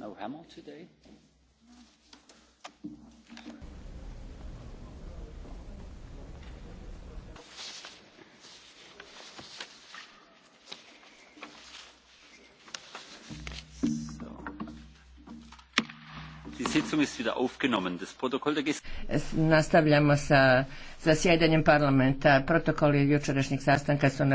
no Hamill today. Nastavljamo sa zasjedanjem parlamenta. Protokoli jučerašnjeg sastanka su na